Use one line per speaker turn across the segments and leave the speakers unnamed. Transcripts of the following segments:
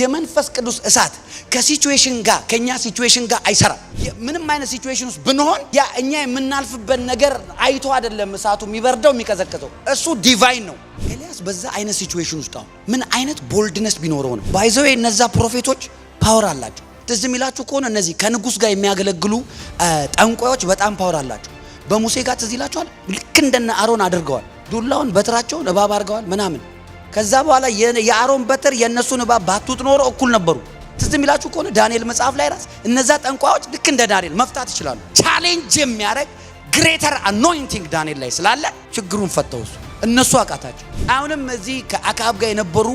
የመንፈስ ቅዱስ እሳት ከሲቹዌሽን ጋር ከኛ ሲቹዌሽን ጋር አይሰራም። ምንም አይነት ሲቹዌሽን ውስጥ ብንሆን ያ እኛ የምናልፍበት ነገር አይቶ አይደለም እሳቱ የሚበርደው የሚቀዘቅዘው፣ እሱ ዲቫይን ነው። ኤልያስ በዛ አይነት ሲቹዌሽን ውስጥ አሁን ምን አይነት ቦልድነስ ቢኖረው ነው? ባይዘው እነዛ ፕሮፌቶች ፓወር አላቸው። ትዝ የሚላችሁ ከሆነ እነዚህ ከንጉሥ ጋር የሚያገለግሉ ጠንቋዮች በጣም ፓወር አላቸው። በሙሴ ጋር ትዝ ይላችኋል። ልክ እንደነ አሮን አድርገዋል። ዱላውን በትራቸውን እባብ አድርገዋል ምናምን ከዛ በኋላ የአሮን በትር የእነሱ እባብ ባቱት ኖሮ እኩል ነበሩ። ትዝ የሚላችሁ ከሆነ ዳንኤል መጽሐፍ ላይ ራስ እነዛ ጠንቋዮች ልክ እንደ ዳንኤል መፍታት ይችላሉ። ቻሌንጅ የሚያደርግ ግሬተር አኖይንቲንግ ዳንኤል ላይ ስላለ ችግሩን ፈተው እሱ እነሱ አቃታቸው። አሁንም እዚህ ከአካብ ጋር የነበሩ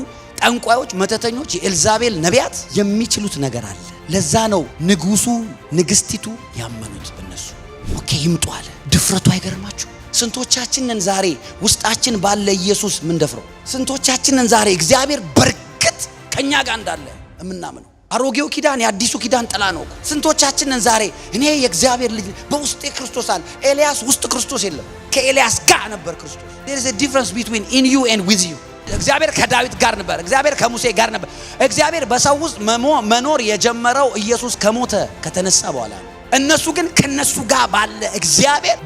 ጠንቋዮች፣ መተተኞች፣ የኤልዛቤል ነቢያት የሚችሉት ነገር አለ። ለዛ ነው ንጉሱ ንግስቲቱ ያመኑት። እነሱ ኦኬ ይምጡ አለ። ድፍረቱ አይገርማችሁ? ስንቶቻችንን ዛሬ ውስጣችን ባለ ኢየሱስ ምንደፍረው? ስንቶቻችንን ዛሬ እግዚአብሔር በርቀት ከእኛ ጋር እንዳለ እምናምነው? አሮጌው ኪዳን የአዲሱ ኪዳን ጥላ ነው። ስንቶቻችንን ዛሬ እኔ የእግዚአብሔር ልጅ በውስጤ ክርስቶስ አለ። ኤልያስ ውስጥ ክርስቶስ የለም፣ ከኤልያስ ጋር ነበር ክርስቶስ። there is a difference between in you and with you እግዚአብሔር ከዳዊት ጋር ነበር። እግዚአብሔር ከሙሴ ጋር ነበር። እግዚአብሔር በሰው ውስጥ መኖር የጀመረው ኢየሱስ ከሞተ ከተነሳ በኋላ ነው። እነሱ ግን ከነሱ ጋር ባለ እግዚአብሔር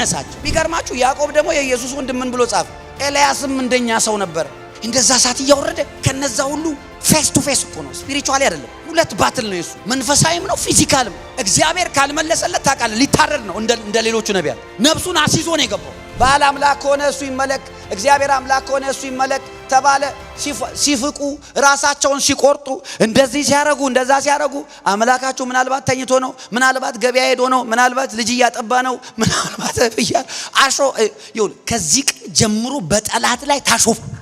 ነሳቸው። ቢገርማችሁ። ያዕቆብ ደግሞ የኢየሱስ ወንድም ምን ብሎ ጻፈ? ኤልያስም እንደኛ ሰው ነበር፣ እንደዛ እሳት እያወረደ ከነዛ ሁሉ ፌስ ቱ ፌስ እኮ ነው። ስፒሪቹዋሊ አይደለም፣ ሁለት ባትል ነው የሱ መንፈሳዊም ነው ፊዚካልም። እግዚአብሔር ካልመለሰለት ታውቃለህ፣ ሊታረድ ነው። እንደ ሌሎቹ ነቢያት ነብሱን አስይዞ ነው የገባው። ባል አምላክ ከሆነ እሱ ይመለክ፣ እግዚአብሔር አምላክ ከሆነ እሱ ይመለክ፣ ተባለ። ሲፍቁ ራሳቸውን ሲቆርጡ እንደዚህ ሲያረጉ እንደዛ ሲያረጉ አምላካችሁ ምናልባት ተኝቶ ነው፣ ምናልባት ገበያ ሄዶ ነው፣ ምናልባት ልጅ እያጠባ ነው፣ ምናልባት ብያ አሾ ከዚህ ቀን ጀምሮ በጠላት ላይ ታሾፉ።